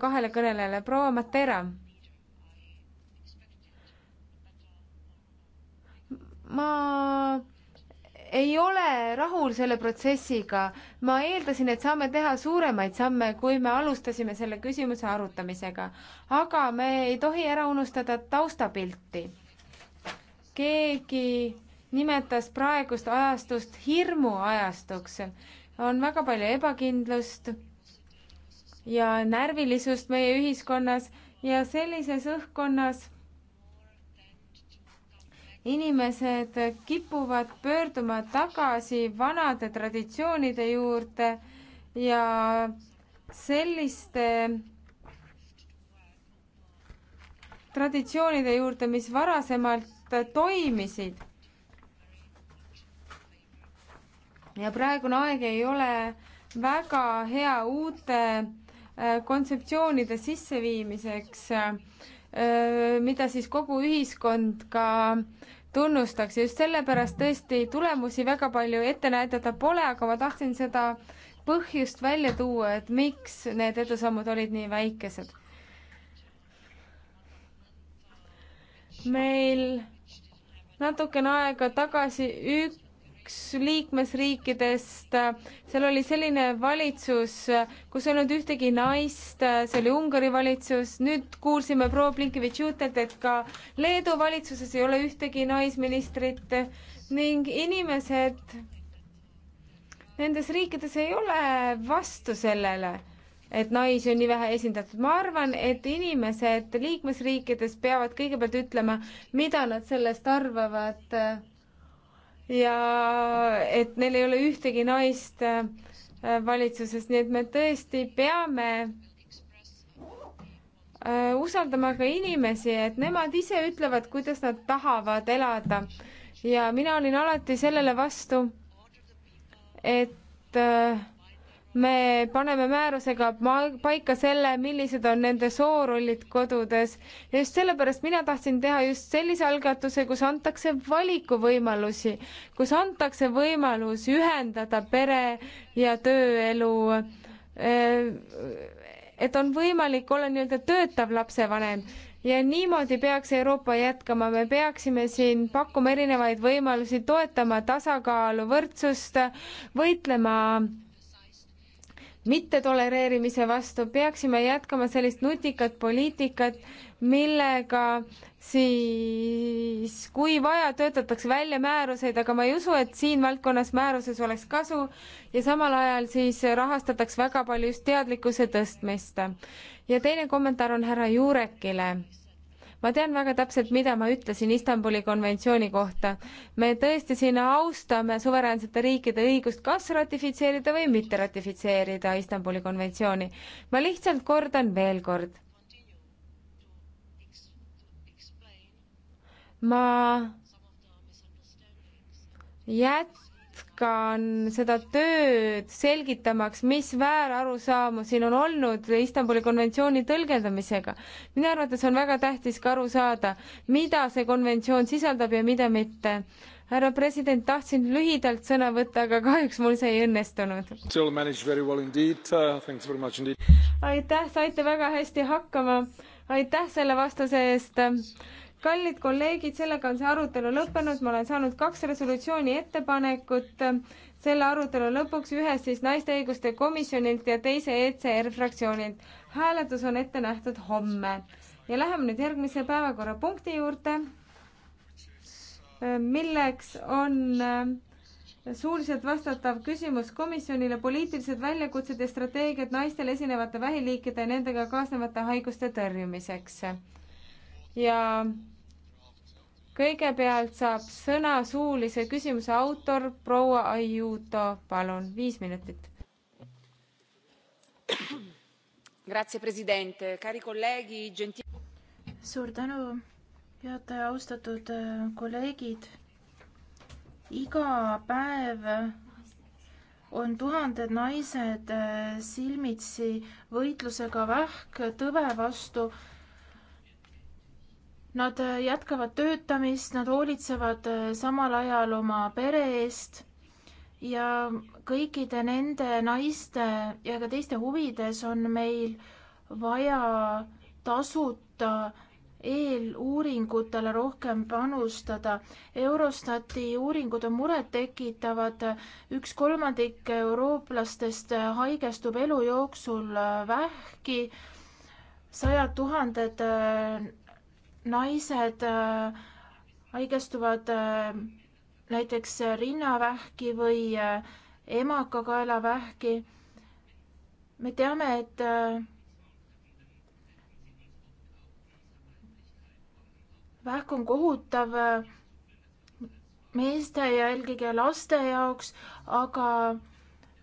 kahele kõnelejale, proua Matera. ma ei ole rahul selle protsessiga. ma eeldasin, et saame teha suuremaid samme, kui me alustasime selle küsimuse arutamisega. aga me ei tohi ära unustada taustapilti. keegi nimetas praegust ajastust hirmuajastuks. on väga palju ebakindlust ja närvilisust meie ühiskonnas ja sellises õhkkonnas inimesed kipuvad pöörduma tagasi vanade traditsioonide juurde ja selliste traditsioonide juurde, mis varasemalt toimisid. ja praegune aeg ei ole väga hea uute Äh, kontseptsioonide sisseviimiseks, äh, mida siis kogu ühiskond ka tunnustaks ja just sellepärast tõesti tulemusi väga palju ette näidata pole, aga ma tahtsin seda põhjust välja tuua, et miks need edusammud olid nii väikesed. meil natukene aega tagasi üks üks liikmesriikidest, seal oli selline valitsus, kus ei olnud ühtegi naist, see oli Ungari valitsus, nüüd kuulsime proua Blinkevitš-Jutelt, et ka Leedu valitsuses ei ole ühtegi naisministrit ning inimesed nendes riikides ei ole vastu sellele et naisi on nii vähe esindatud. ma arvan, et inimesed liikmesriikides peavad kõigepealt ütlema, mida nad sellest arvavad ja et neil ei ole ühtegi naist äh, valitsuses, nii et me tõesti peame äh, usaldama ka inimesi, et nemad ise ütlevad, kuidas nad tahavad elada. ja mina olin alati sellele vastu, et äh, me paneme määrusega paika selle, millised on nende soorullid kodudes. ja just sellepärast mina tahtsin teha just sellise algatuse, kus antakse valikuvõimalusi, kus antakse võimalus ühendada pere ja tööelu. Äh, et on võimalik olla nii-öelda töötav lapsevanem ja niimoodi peaks Euroopa jätkama, me peaksime siin pakkuma erinevaid võimalusi, toetama tasakaalu, võrdsust, võitlema mittetolereerimise vastu, peaksime jätkama sellist nutikat poliitikat, millega siis, kui vaja, töötatakse välja määruseid, aga ma ei usu, et siin valdkonnas määruses oleks kasu ja samal ajal siis rahastatakse väga palju just teadlikkuse tõstmist. ja teine kommentaar on härra Jurekile ma tean väga täpselt, mida ma ütlesin Istanbuli konventsiooni kohta. me tõesti siin austame suveräänsete riikide õigust kas ratifitseerida või mitte ratifitseerida Istanbuli konventsiooni. ma lihtsalt kordan veel kord. ma jät-, jätkan seda tööd selgitamaks, mis väärarusaamu siin on olnud Istanbuli konventsiooni tõlgendamisega. minu arvates on väga tähtis ka aru saada, mida see konventsioon sisaldab ja mida mitte. härra president, tahtsin lühidalt sõna võtta, aga kahjuks mul see ei õnnestunud. Well uh, aitäh, saite väga hästi hakkama. aitäh selle vastuse eest kallid kolleegid, sellega on see arutelu lõppenud, ma olen saanud kaks resolutsiooni ettepanekut selle arutelu lõpuks, ühest siis naiste õiguste komisjonilt ja teise ECR fraktsioonilt. hääletus on ette nähtud homme ja läheme nüüd järgmise päevakorrapunkti juurde, milleks on äh, suuliselt vastatav küsimus komisjonile poliitilised väljakutsed ja strateegiad naistel esinevate vähiliikide ja nendega kaasnevate haiguste tõrjumiseks. ja kõigepealt saab sõna suulise küsimuse autor proua Aiuto, palun, viis minutit. suur tänu, juhataja, austatud äh, kolleegid. iga päev on tuhanded naised äh, silmitsi võitlusega vähktõve vastu Nad äh, jätkavad töötamist, nad hoolitsevad äh, samal ajal oma pere eest ja kõikide nende naiste ja ka teiste huvides on meil vaja tasuta eeluuringutele rohkem panustada. Eurostati uuringud on murettekitavad, üks kolmandik eurooplastest äh, haigestub elu jooksul vähki, sajad tuhanded naised äh, haigestuvad äh, näiteks äh, rinnavähki või emakakaelavähki. me teame, et vähk on kohutav meeste ja eelkõige laste jaoks, aga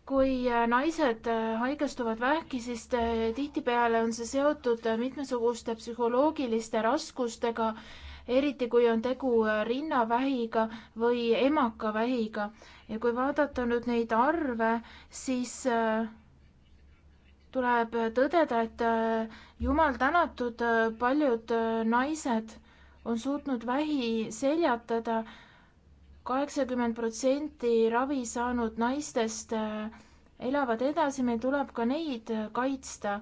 kui äh, naised äh, haigestuvad vähki, siis äh, tihtipeale on see seotud mitmesuguste psühholoogiliste raskustega, eriti kui on tegu rinnavähiga või emakavähiga. ja kui vaadata nüüd neid arve, siis tuleb tõdeda, et jumal tänatud, paljud naised on suutnud vähi seljatada kaheksakümmend protsenti ravi saanud naistest äh, elavad edasi, meil tuleb ka neid äh, kaitsta.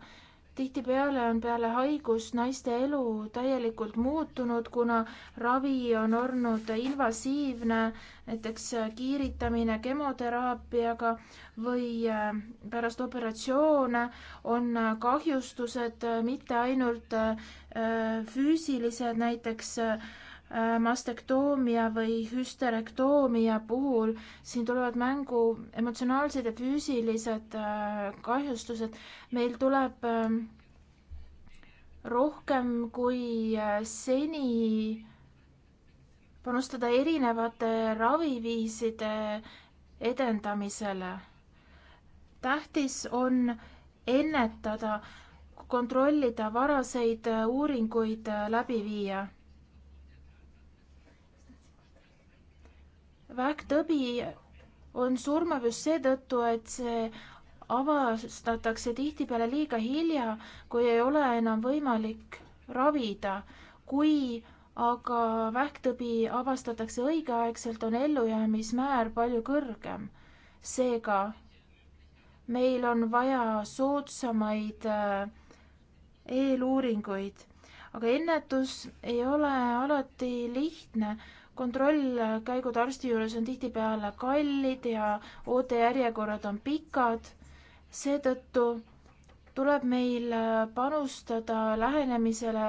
tihtipeale on peale haigust naiste elu täielikult muutunud, kuna ravi on olnud invasiivne, näiteks äh, kiiritamine kemoteraapiaga või pärast operatsioone on kahjustused mitte ainult füüsilised, näiteks Äh, mastektoomia või hüsterektoomia puhul siin tulevad mängu emotsionaalsed ja füüsilised äh, kahjustused. meil tuleb ähm, rohkem kui äh, seni panustada erinevate raviviiside edendamisele. tähtis on ennetada, kontrollida, varaseid uuringuid läbi viia vähktõbi on surmaviis seetõttu, et see avastatakse tihtipeale liiga hilja, kui ei ole enam võimalik ravida. kui aga vähktõbi avastatakse õigeaegselt, on ellujäämismäär palju kõrgem. seega meil on vaja soodsamaid äh, eeluuringuid, aga ennetus ei ole alati lihtne kontrollkäigud arsti juures on tihtipeale kallid ja ootejärjekorrad on pikad. seetõttu tuleb meil panustada lähenemisele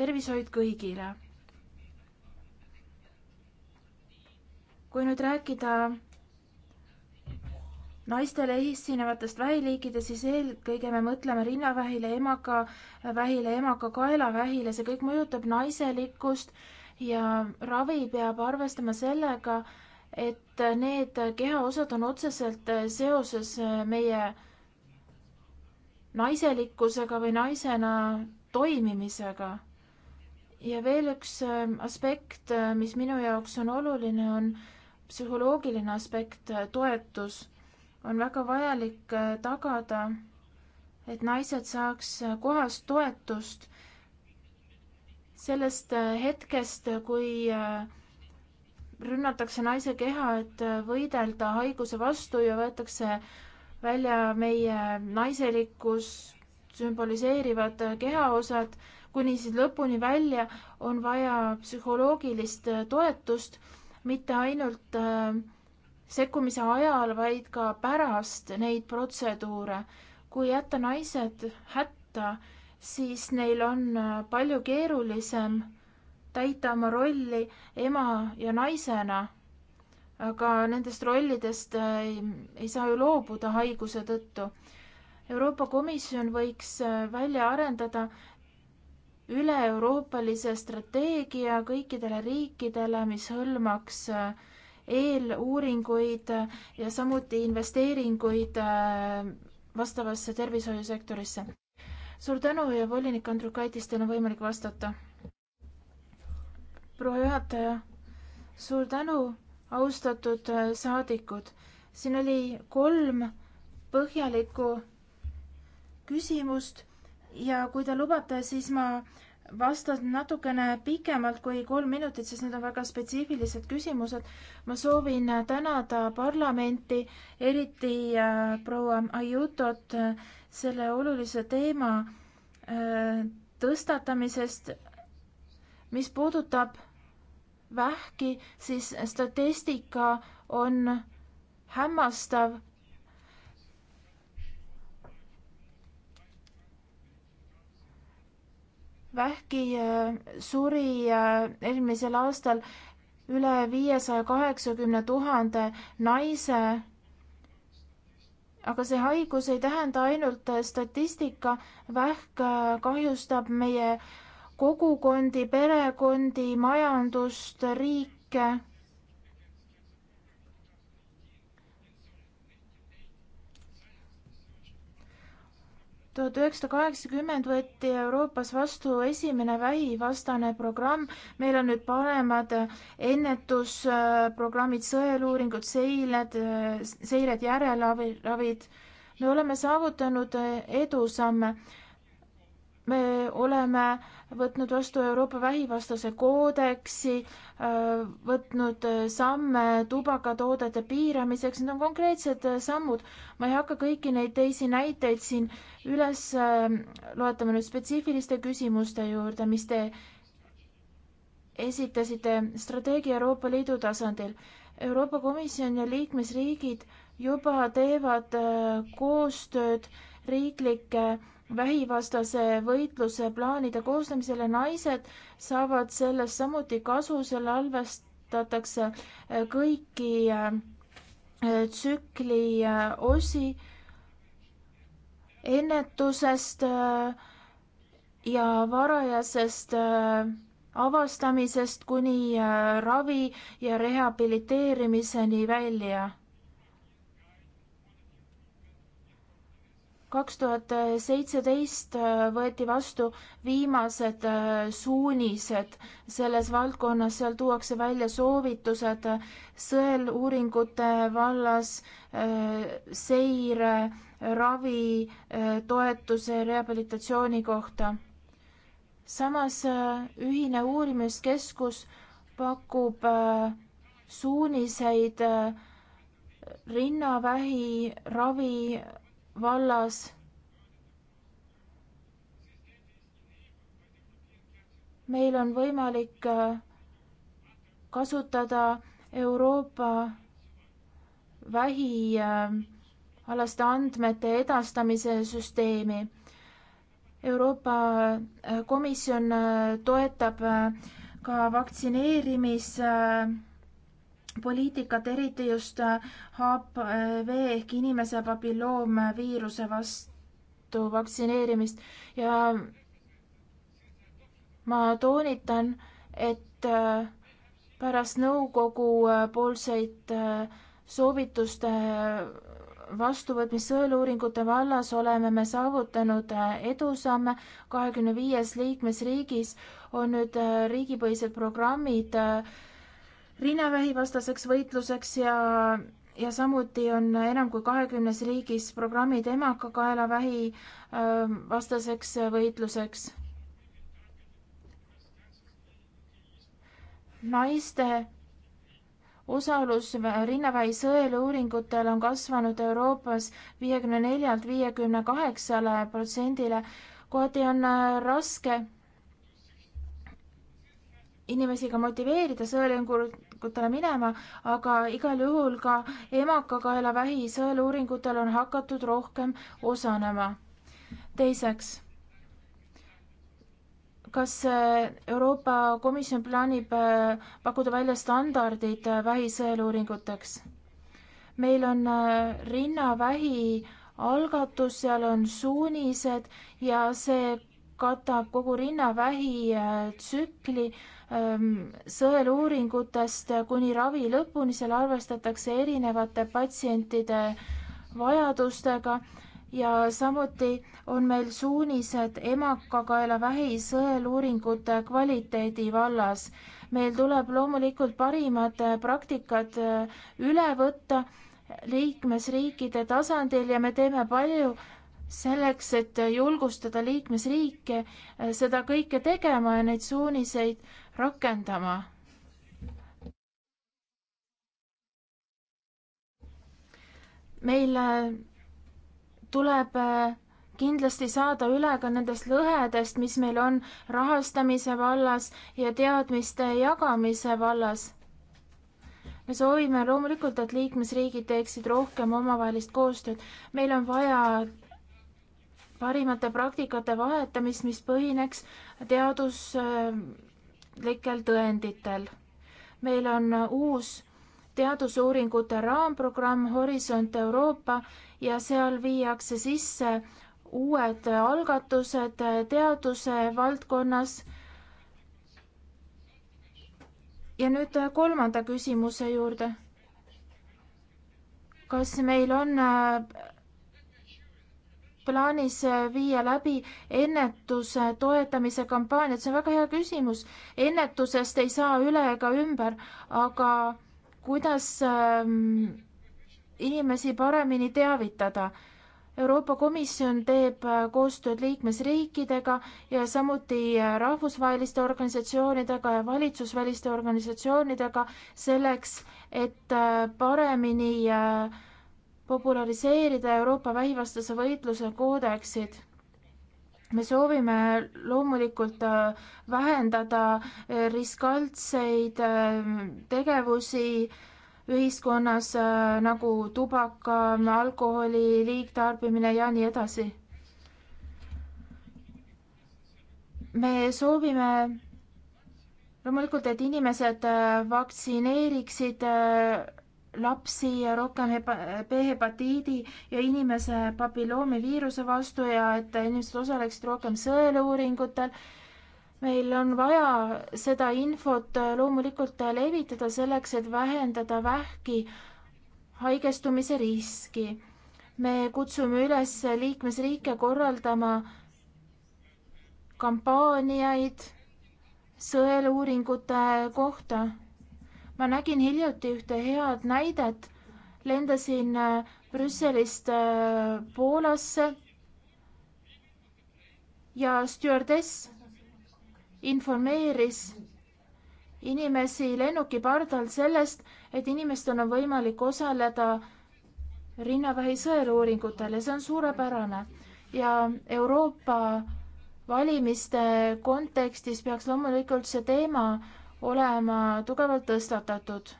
tervishoid kõigile. kui nüüd rääkida naistele esinevatest vähiliikidest, siis eelkõige me mõtleme rinnavähile, emakavähile, emakakaelavähile, see kõik mõjutab naiselikkust ja ravi peab arvestama sellega, et need kehaosad on otseselt seoses meie naiselikkusega või naisena toimimisega. ja veel üks ähm, aspekt, äh, mis minu jaoks on oluline, on psühholoogiline aspekt, äh, toetus. on väga vajalik äh, tagada, et naised saaks kohast toetust sellest äh, hetkest, kui äh, rünnatakse naise keha, et äh, võidelda haiguse vastu ja võetakse välja meie naiselikkus, sümboliseerivad kehaosad, kuni siis lõpuni välja on vaja psühholoogilist toetust, mitte ainult sekkumise ajal, vaid ka pärast neid protseduure. kui jätta naised hätta, siis neil on äh, palju keerulisem täita oma rolli ema ja naisena. aga nendest rollidest äh, ei, ei saa ju loobuda haiguse tõttu. Euroopa Komisjon võiks äh, välja arendada üle-euroopalise strateegia kõikidele riikidele, mis hõlmaks eeluuringuid ja samuti investeeringuid vastavasse tervishoiusektorisse suur tänu ja volinik Andrukaitis, teil on võimalik vastata. proua juhataja, suur tänu, austatud äh, saadikud. siin oli kolm põhjalikku küsimust ja kui te lubate, siis ma vastan natukene pikemalt kui kolm minutit, sest need on väga spetsiifilised küsimused. ma soovin tänada parlamenti, eriti äh, proua Ajutot selle olulise teema äh, tõstatamisest. mis puudutab vähki, siis statistika on hämmastav. vähki äh, suri äh, eelmisel aastal üle viiesaja kaheksakümne tuhande naise aga see haigus ei tähenda ainult statistika, vähk äh, kahjustab meie kogukondi, perekondi, majandust, riike tuhat üheksasada kaheksakümmend võeti Euroopas vastu esimene vähivastane programm. meil on nüüd paremad ennetusprogrammid, sõeluuringud, seiled, seired, järelravid. me oleme saavutanud edusamme me oleme võtnud vastu Euroopa vähivastase koodeksi, äh, võtnud äh, samme tubakatoodete piiramiseks, need on konkreetsed äh, sammud. ma ei hakka kõiki neid teisi näiteid siin üles loetama nüüd spetsiifiliste küsimuste juurde, mis te esitasite strateegia Euroopa Liidu tasandil. Euroopa Komisjon ja liikmesriigid juba teevad koostööd riiklike vähivastase võitluse plaanide koostamisel ja naised saavad sellest samuti kasu, seal arvestatakse äh, kõiki äh, tsükli äh, osi ennetusest ja varajasest avastamisest kuni ravi ja rehabiliteerimiseni välja kaks tuhat seitseteist äh, võeti vastu viimased äh, suunised selles valdkonnas, seal tuuakse välja soovitused äh, sõeluuringute vallas, seire, ravi, toetuse, rehabilitatsiooni kohta. samas ühine uurimiskeskus pakub suuniseid rinnavähi ravi vallas. meil on võimalik äh, kasutada Euroopa vähialaste äh, andmete edastamise süsteemi. Euroopa äh, Komisjon toetab ka vaktsineerimis äh, poliitikat, eriti just HPV äh, ehk inimese papilloomviiruse vastu vaktsineerimist ja ma toonitan, et äh, pärast nõukogu äh, poolseid soovituste vastuvõtmist sõeluuringute vallas oleme me saavutanud edusamme. kahekümne viies liikmesriigis on nüüd riigipõhised programmid rinnavähivastaseks võitluseks ja ja samuti on enam kui kahekümnes riigis programmid emakakaelavähi vastaseks võitluseks. naiste osalus rinnavähi sõeluuringutel on kasvanud Euroopas viiekümne neljalt viiekümne kaheksale protsendile, kohati on raske inimesi ka motiveerida sõeluuringutele minema, aga igal juhul ka emakakaelavähi sõeluuringutel on hakatud rohkem osanema. teiseks, kas äh, Euroopa Komisjon plaanib äh, pakkuda välja standardid äh, vähi sõeluuringuteks? meil on rinnavähi algatus, seal on suunised ja see katab kogu rinnavähi tsükli äh, sõeluuringutest kuni ravi lõpuni, seal arvestatakse erinevate patsientide vajadustega ja samuti on meil suunised emakakaelavähi sõeluuringute kvaliteedi vallas. meil tuleb loomulikult parimad praktikad äh, üle võtta liikmesriikide tasandil ja me teeme palju selleks, et julgustada liikmesriike äh, seda kõike tegema ja neid suuniseid rakendama. meil äh, tuleb äh, kindlasti saada üle ka nendest lõhedest, mis meil on rahastamise vallas ja teadmiste jagamise vallas. me soovime loomulikult, et liikmesriigid teeksid rohkem omavahelist koostööd. meil on vaja parimate praktikate vahetamist, mis põhineks teadus äh, teaduslikel tõenditel. meil on uus teadusuuringute raamprogramm Horisont Euroopa ja seal viiakse sisse uued algatused teaduse valdkonnas. ja nüüd kolmanda küsimuse juurde. kas meil on plaanis äh, viia läbi ennetuse toetamise kampaaniat, see on väga hea küsimus. ennetusest ei saa üle ega ümber, aga kuidas ähm, inimesi paremini teavitada? Euroopa Komisjon teeb äh, koostööd liikmesriikidega ja samuti äh, rahvusvaheliste organisatsioonidega ja valitsusväliste organisatsioonidega selleks, et paremini äh, populariseerida Euroopa vähivastase võitluse koodeksid. me soovime loomulikult äh, vähendada äh, riskantseid äh, tegevusi ühiskonnas nagu tubaka, alkoholi liigtarbimine ja nii edasi. me soovime loomulikult, et inimesed vaktsineeriksid lapsi rohkem B-hepatiidi ja inimese papilloomi viiruse vastu ja et inimesed osaleksid rohkem sõeluuringutel. meil on vaja seda infot äh, loomulikult äh, levitada selleks, et vähendada vähki haigestumise riski. me kutsume üles liikmesriike korraldama kampaaniaid sõeluuringute kohta ma nägin hiljuti ühte head näidet, lendasin äh, Brüsselist äh, Poolasse ja stjuardess informeeris inimesi lennuki pardal sellest, et inimestel on võimalik osaleda rinnavähi sõeluuringutel ja see on suurepärane. ja Euroopa valimiste kontekstis peaks loomulikult see teema olema tugevalt tõstatatud.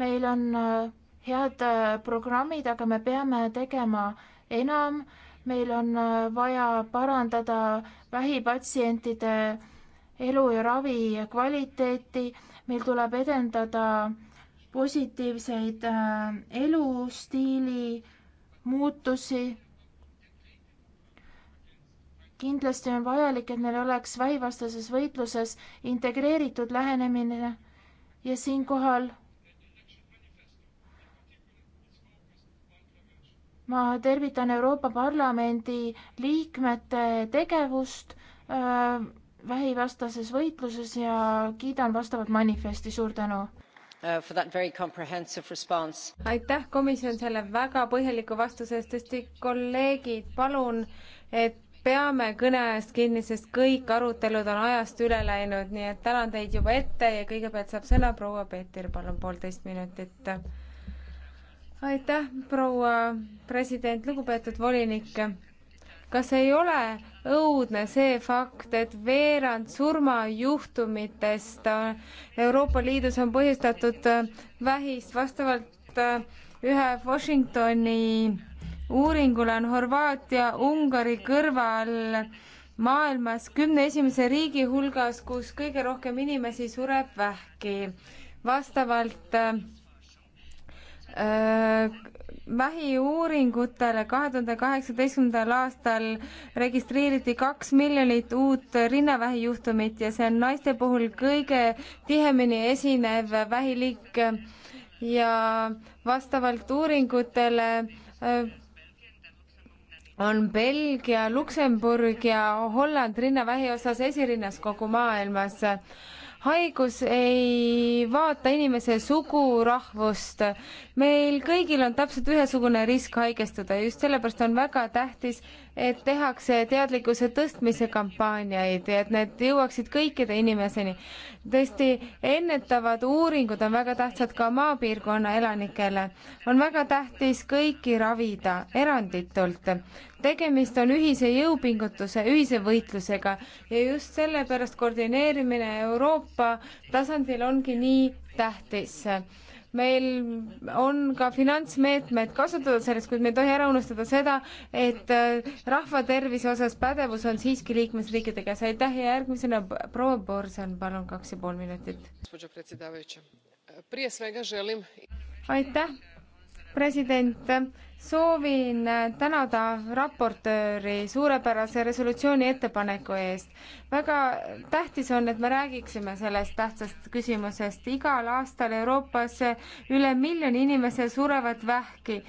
meil on äh, head äh, programmid, aga me peame tegema enam. meil on äh, vaja parandada vähipatsientide elu ja ravi kvaliteeti, meil tuleb edendada positiivseid elustiili muutusi kindlasti on vajalik, et meil oleks vähivastases võitluses integreeritud lähenemine ja siinkohal ma tervitan Euroopa Parlamendi liikmete tegevust äh, vähivastases võitluses ja kiidan vastavat manifesti, suur tänu! Uh, aitäh, komisjon, selle väga põhjaliku vastuse eest, tõesti kolleegid, palun, et peame kõne ajast kinni, sest kõik arutelud on ajast üle läinud, nii et tänan teid juba ette ja kõigepealt saab sõna proua Peeter, palun poolteist minutit. aitäh, proua president, lugupeetud volinik. kas ei ole õudne see fakt, et veerand surmajuhtumitest Euroopa Liidus on põhjustatud vähist vastavalt ühe Washingtoni uuringule on Horvaatia Ungari kõrval maailmas kümne esimese riigi hulgas, kus kõige rohkem inimesi sureb vähki. vastavalt äh, vähiuuringutele kahe tuhande kaheksateistkümnendal aastal registreeriti kaks miljonit uut rinnavähijuhtumit ja see on naiste puhul kõige tihemini esinev vähiliik ja vastavalt uuringutele äh, on Belgia, Luksemburg ja Holland rinnavähi osas esirinnas kogu maailmas. haigus ei vaata inimese sugu, rahvust. meil kõigil on täpselt ühesugune risk haigestuda ja just sellepärast on väga tähtis, et tehakse teadlikkuse tõstmise kampaaniaid ja et need jõuaksid kõikide inimeseni. tõesti, ennetavad uuringud on väga tähtsad ka maapiirkonna elanikele. on väga tähtis kõiki ravida eranditult. tegemist on ühise jõupingutuse, ühise võitlusega ja just sellepärast koordineerimine Euroopa tasandil ongi nii tähtis meil on ka finantsmeetmed kasutada sellest, kuid me ei tohi ära unustada seda, et äh, rahvatervise osas pädevus on siiski liikmesriikide käes. aitäh ja järgmisena proua Borsan, palun kaks ja pool minutit. aitäh, president soovin äh, tänada raportööri suurepärase resolutsiooni ettepaneku eest. väga tähtis on, et me räägiksime sellest tähtsast küsimusest. igal aastal Euroopas üle miljoni inimese surevad vähki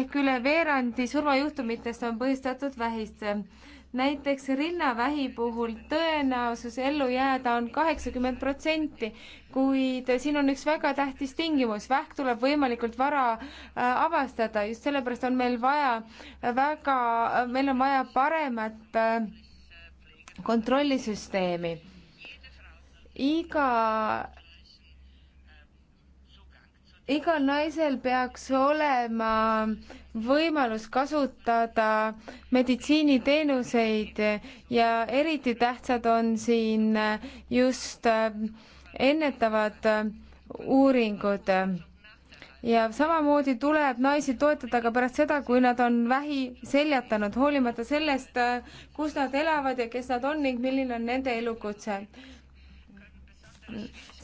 ehk üle veerandi surmajuhtumitest on põhjustatud vähist näiteks rinnavähi puhul tõenäosus ellu jääda on kaheksakümmend protsenti, kuid siin on üks väga tähtis tingimus, vähk tuleb võimalikult vara äh, avastada, just sellepärast on meil vaja väga, meil on vaja paremat äh, kontrollisüsteemi. iga igal naisel peaks olema äh, võimalus kasutada meditsiiniteenuseid ja eriti tähtsad on siin just äh, ennetavad äh, uuringud ja samamoodi tuleb naisi toetada ka pärast seda, kui nad on vähi seljatanud, hoolimata sellest, äh, kus nad elavad ja kes nad on ning milline on nende elukutse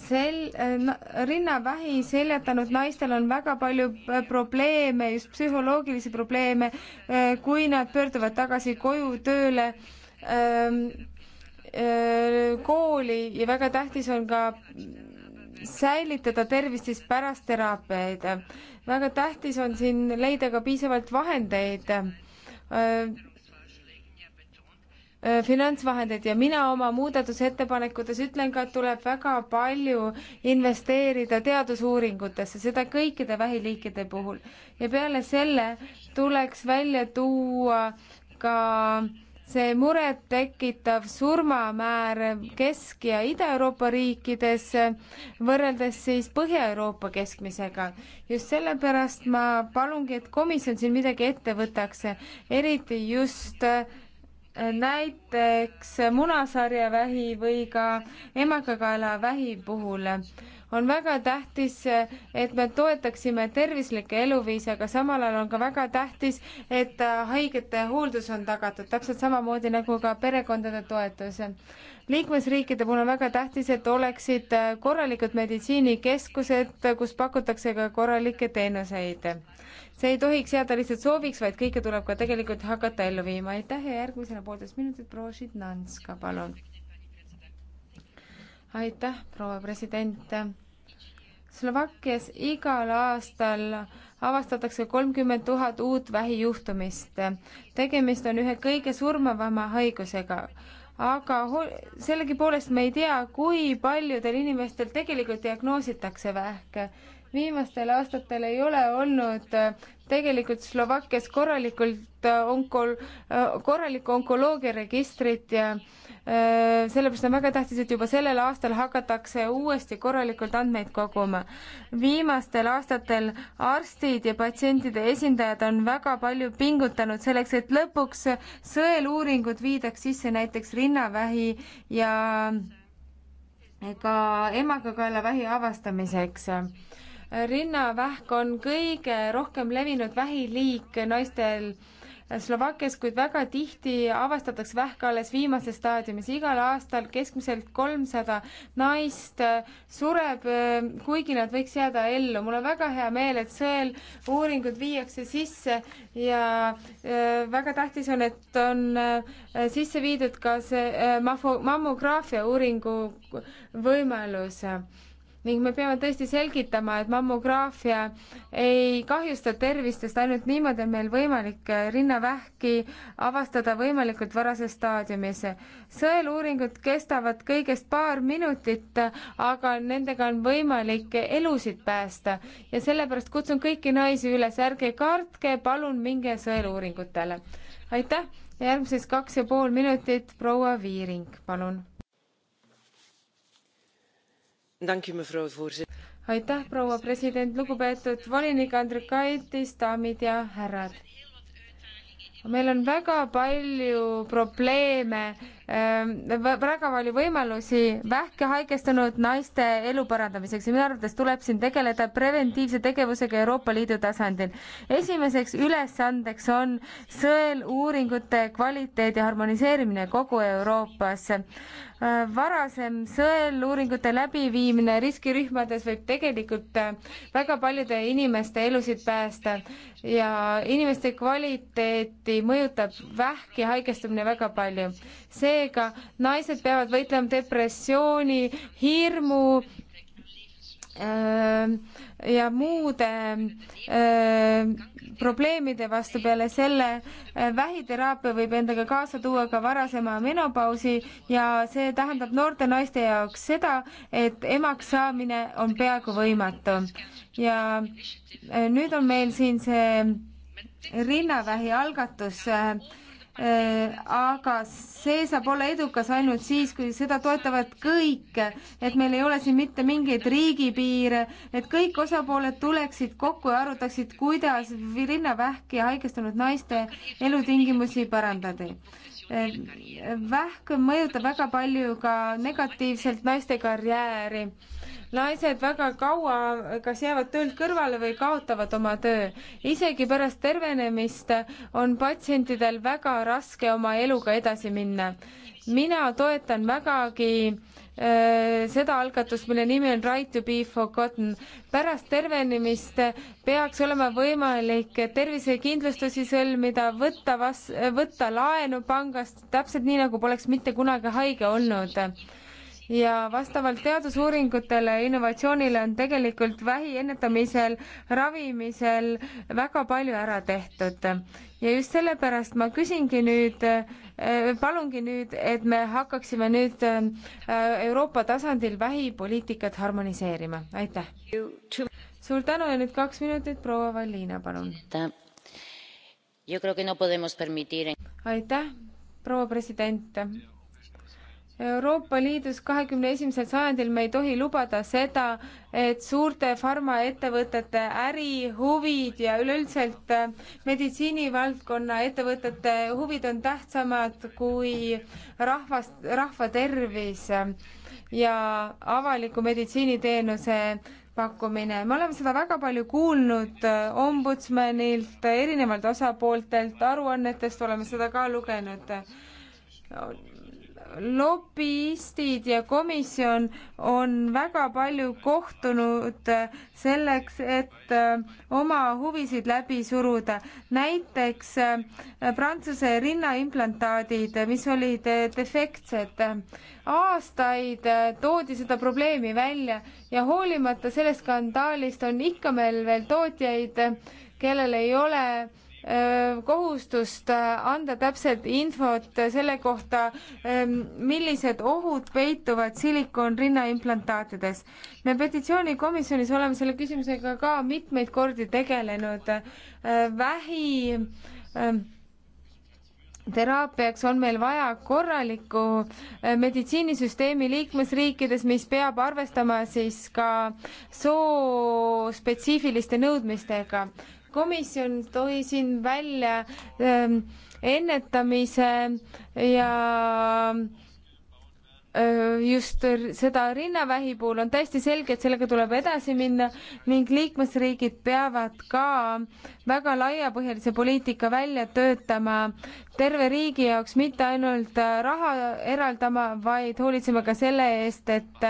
sel-, äh, rinnavähi seljatanud naistel on väga palju äh, probleeme, just psühholoogilisi probleeme, äh, kui nad pöörduvad tagasi koju, tööle, ähm, kooli ja väga tähtis on ka säilitada tervist siis pärast teraapiaid. väga tähtis on siin leida ka piisavalt vahendeid Äh, finantsvahendeid ja mina oma muudatusettepanekutes ütlen ka, et tuleb väga palju investeerida teadusuuringutesse, seda kõikide vähiliikide puhul. ja peale selle tuleks välja tuua ka see muret tekitav surmamäär Kesk- ja Ida-Euroopa riikides võrreldes siis Põhja-Euroopa keskmisega. just sellepärast ma palungi, et komisjon siin midagi ette võtaks, eriti just näiteks munasarjavähi või ka emakakaelavähi puhul on väga tähtis, et me toetaksime tervislikke eluviise, aga samal ajal on ka väga tähtis, et äh, haigete hooldus on tagatud, täpselt samamoodi nagu ka perekondade toetus. liikmesriikide puhul on väga tähtis, et oleksid äh, korralikud meditsiinikeskused, kus pakutakse ka korralikke teenuseid. see ei tohiks jääda lihtsalt sooviks, vaid kõike tuleb ka tegelikult hakata ellu viima. aitäh ja järgmisena poolteist minutit, proua Žitnanska, palun aitäh, proua president. Slovakkias igal aastal avastatakse kolmkümmend tuhat uut vähijuhtumist. tegemist on ühe kõige surmavama haigusega aga sellegipoolest me ei tea, kui paljudel inimestel tegelikult diagnoositakse vähke. viimastel aastatel ei ole olnud äh, tegelikult Slovakkias korralikult äh, onkol-, äh, korralikku onkoloogiaregistrit ja äh, sellepärast on väga tähtis, et juba sellel aastal hakatakse uuesti korralikult andmeid koguma. viimastel aastatel arstid ja patsientide esindajad on väga palju pingutanud selleks, et lõpuks sõeluuringud viidaks sisse näiteks rinnavähi ja ka emakakaelavähi avastamiseks rinnavähk on kõige rohkem levinud vähiliik naistel Slovakkias, kuid väga tihti avastatakse vähk alles viimases staadiumis. igal aastal keskmiselt kolmsada naist sureb, kuigi nad võiks jääda ellu. mul on väga hea meel, et sõeluuringud viiakse sisse ja e, väga tähtis on, et on e, sisse viidud ka see e, mammograafia uuringu võimalus ning me peame tõesti selgitama, et mammograafia ei kahjusta tervist, sest ainult niimoodi on meil võimalik äh, rinnavähki avastada võimalikult varases staadiumis. sõeluuringud kestavad kõigest paar minutit, aga nendega on võimalik elusid päästa ja sellepärast kutsun kõiki naisi üles, ärge kartke, palun minge sõeluuringutele. aitäh, järgmiseks kaks ja pool minutit, proua Viiring, palun aitäh, proua president, lugupeetud volinik Andrikaitis, daamid ja härrad. meil on väga palju probleeme Ehm, väga palju võimalusi vähki haigestunud naiste elu parandamiseks ja minu arvates tuleb siin tegeleda preventiivse tegevusega Euroopa Liidu tasandil. esimeseks ülesandeks on sõeluuringute kvaliteedi harmoniseerimine kogu Euroopas. Ehm, varasem sõeluuringute läbiviimine riskirühmades võib tegelikult äh, väga paljude inimeste elusid päästa ja inimeste kvaliteeti mõjutab vähki haigestumine väga palju seega naised peavad võitlema depressiooni, hirmu ähm, ja muude ähm, probleemide vastu peale selle äh, vähiteraapia võib endaga kaasa tuua ka varasema menopausi ja see tähendab noorte naiste jaoks seda, et emaks saamine on peaaegu võimatu. ja äh, nüüd on meil siin see rinnavähi algatus äh, Äh, aga see saab olla edukas ainult siis, kui seda toetavad kõik, et meil ei ole siin mitte mingeid riigipiire, et kõik osapooled tuleksid kokku ja arutaksid, kuidas rinnavähki ja haigestunud naiste elutingimusi parandada. Äh, vähk mõjutab väga palju ka negatiivselt naiste karjääri naised väga kaua kas jäävad töölt kõrvale või kaotavad oma töö. isegi pärast tervenemist on patsientidel väga raske oma eluga edasi minna. mina toetan vägagi äh, seda algatust, mille nimi on Right to be forgotten. pärast tervenemist peaks olema võimalik tervisekindlustusi sõlmida, võtta vas-, võtta laenu pangast, täpselt nii, nagu poleks mitte kunagi haige olnud ja vastavalt teadusuuringutele ja innovatsioonile on tegelikult vähi ennetamisel, ravimisel väga palju ära tehtud. ja just sellepärast ma küsingi nüüd, eh, palungi nüüd, et me hakkaksime nüüd eh, Euroopa tasandil vähipoliitikat harmoniseerima, aitäh. suur tänu ja nüüd kaks minutit, proua Valliina, palun. aitäh, proua president Euroopa Liidus kahekümne esimesel sajandil me ei tohi lubada seda, et suurte farmaettevõtete ärihuvid ja üleüldiselt äh, meditsiinivaldkonna ettevõtete huvid on tähtsamad kui rahvast, rahva tervis äh, ja avaliku meditsiiniteenuse pakkumine. me oleme seda väga palju kuulnud äh, ombudsmanilt, erinevalt osapooltelt, aruannetest oleme seda ka lugenud lobistid ja komisjon on väga palju kohtunud selleks, et äh, oma huvisid läbi suruda. näiteks äh, Prantsuse rinnaimplantaadid, mis olid äh, defektsed. aastaid toodi seda probleemi välja ja hoolimata sellest skandaalist on ikka meil veel tootjaid, kellel ei ole kohustust äh, anda täpselt infot selle kohta, ähm, millised ohud peituvad silikonrinna implantaatides. me petitsioonikomisjonis oleme selle küsimusega ka mitmeid kordi tegelenud. Äh, vähi ähm, teraapiaks on meil vaja korralikku äh, meditsiinisüsteemi liikmesriikides, mis peab arvestama siis ka soospetsiifiliste nõudmistega komisjon tõi siin välja ähm, ennetamise ja just seda rinnavähi puhul on täiesti selge, et sellega tuleb edasi minna ning liikmesriigid peavad ka väga laiapõhjalise poliitika välja töötama terve riigi jaoks, mitte ainult raha eraldama, vaid hoolitsema ka selle eest, et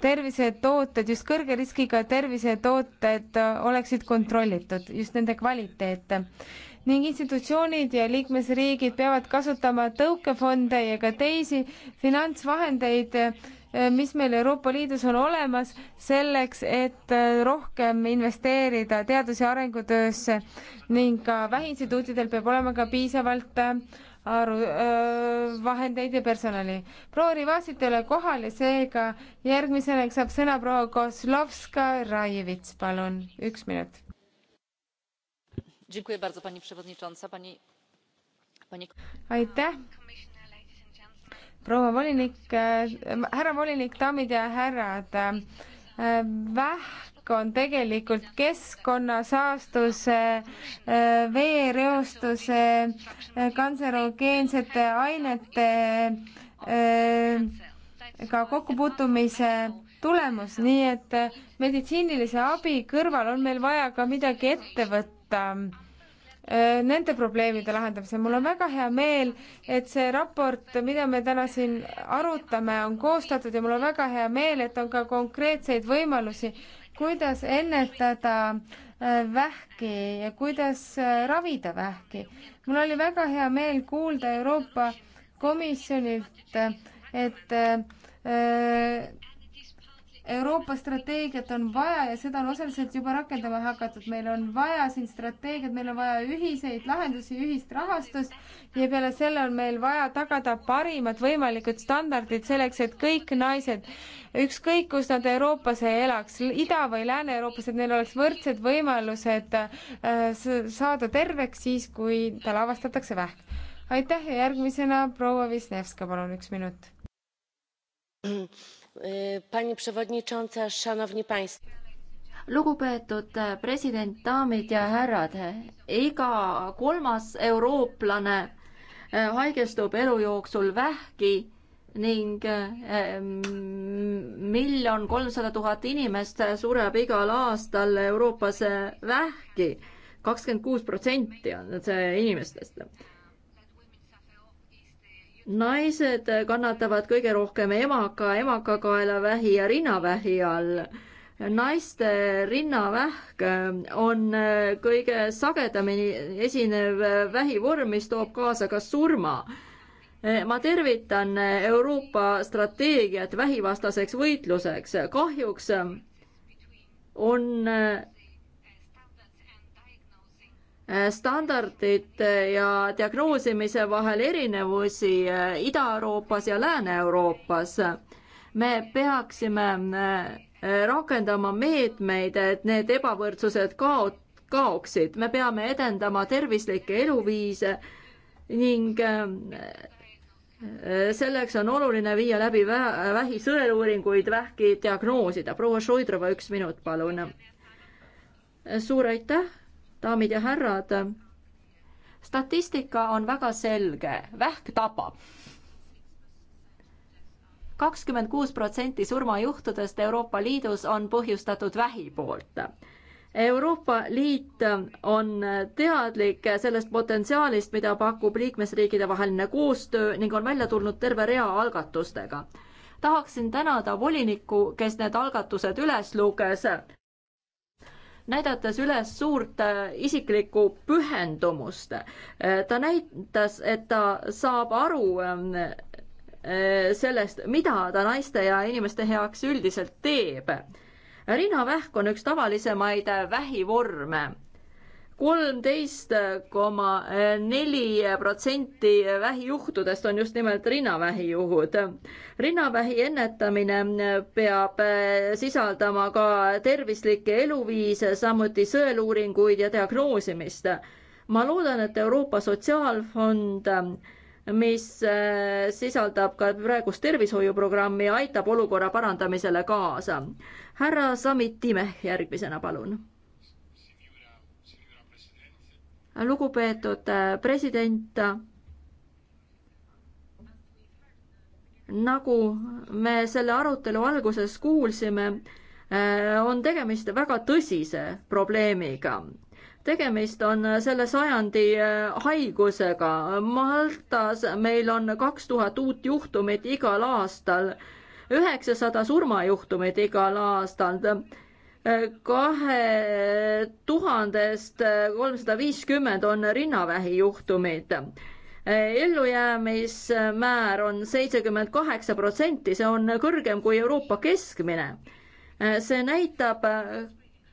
tervisetooted, just kõrge riskiga tervisetooted oleksid kontrollitud, just nende kvaliteet ning institutsioonid ja liikmesriigid peavad kasutama tõukefonde ja ka teisi finantsvahendeid, eh, mis meil Euroopa Liidus on olemas, selleks, et eh, rohkem investeerida teadus- ja arengutöösse ning ka väheinstituutidel peab olema ka piisavalt eh, aru, öö, vahendeid ja personali. proua Rivasit ei ole kohal ja seega järgmisena saab sõna proua Kozlovska-Raievits, palun, üks minut aitäh proua volinik äh,, härra volinik, daamid ja härrad äh,. vähk on tegelikult keskkonna saastuse äh,, veereostuse, äh, kantserogeensete ainetega äh, kokkupuutumise tulemus, nii et meditsiinilise abi kõrval on meil vaja ka midagi ette võtta võtta äh, nende probleemide lahendamisel. mul on väga hea meel, et see raport, mida me täna siin arutame, on koostatud ja mul on väga hea meel, et on ka konkreetseid võimalusi, kuidas ennetada äh, vähki ja kuidas äh, ravida vähki. mul oli väga hea meel kuulda Euroopa Komisjonilt, et äh, Euroopa strateegiat on vaja ja seda on osaliselt juba rakendama hakatud. meil on vaja siin strateegiat, meil on vaja ühiseid lahendusi, ühist rahastust ja peale selle on meil vaja tagada parimad võimalikud standardid selleks, et kõik naised, ükskõik kus nad Euroopas elaks, Ida- või Lääne-Euroopas, et neil oleks võrdsed võimalused äh, saada terveks siis, kui tal avastatakse vähk. aitäh ja järgmisena proua Visnevska, palun üks minut E, lugupeetud e, president, daamid ja härrad, iga kolmas eurooplane e, haigestub elu jooksul vähki ning miljon kolmsada tuhat inimest sureb igal aastal Euroopas vähki. kakskümmend kuus protsenti on see inimestest naised kannatavad kõige rohkem emaka, emakakaelavähi ja rinnavähi all. naiste rinnavähk on kõige sagedamini esinev vähivorm, mis toob kaasa ka surma ma tervitan Euroopa strateegiat vähivastaseks võitluseks. kahjuks on Äh, standardite ja diagnoosimise vahel erinevusi äh, Ida-Euroopas ja Lääne-Euroopas. me peaksime äh, rakendama meetmeid, et need ebavõrdsused kaot-, kaoksid, me peame edendama tervislikke eluviise ning selleks on oluline viia läbi vähi sõeluuringuid, vähki diagnoosida. proua Šoidrova, üks minut, palun. suur aitäh daamid ja härrad, statistika on väga selge, vähk tapab. kakskümmend kuus protsenti surmajuhtudest Euroopa Liidus on põhjustatud vähi poolt Euroopa Liit on teadlik sellest potentsiaalist, mida pakub liikmesriikide vaheline koostöö ning on välja tulnud terve rea algatustega. tahaksin tänada volinikku, kes need algatused üles luges näidates üles suurt äh, isiklikku pühendumust. Äh, ta näitas, et ta saab aru ähm, äh, sellest, mida ta naiste ja inimeste heaks üldiselt teeb. rinnavähk on üks tavalisemaid vähivorme kolmteist koma neli protsenti vähijuhtudest on just nimelt rinnavähijuhud. rinnavähi ennetamine peab sisaldama ka tervislikke eluviise, samuti sõeluuringuid ja diagnoosimist. ma loodan, et Euroopa Sotsiaalfond mis äh, sisaldab ka praegust tervishoiuprogrammi, aitab olukorra parandamisele kaasa. härra Samit Timeh järgmisena, palun lugupeetud äh, president, nagu me selle arutelu alguses kuulsime, äh, on tegemist väga tõsise probleemiga tegemist on äh, selle sajandi haigusega. Maltas meil on kaks tuhat uut juhtumit igal aastal, üheksasada surmajuhtumit igal aastal kahe tuhandest kolmsada viiskümmend on rinnavähi juhtumid. ellujäämismäär on seitsekümmend kaheksa protsenti, see on kõrgem kui Euroopa keskmine. see näitab,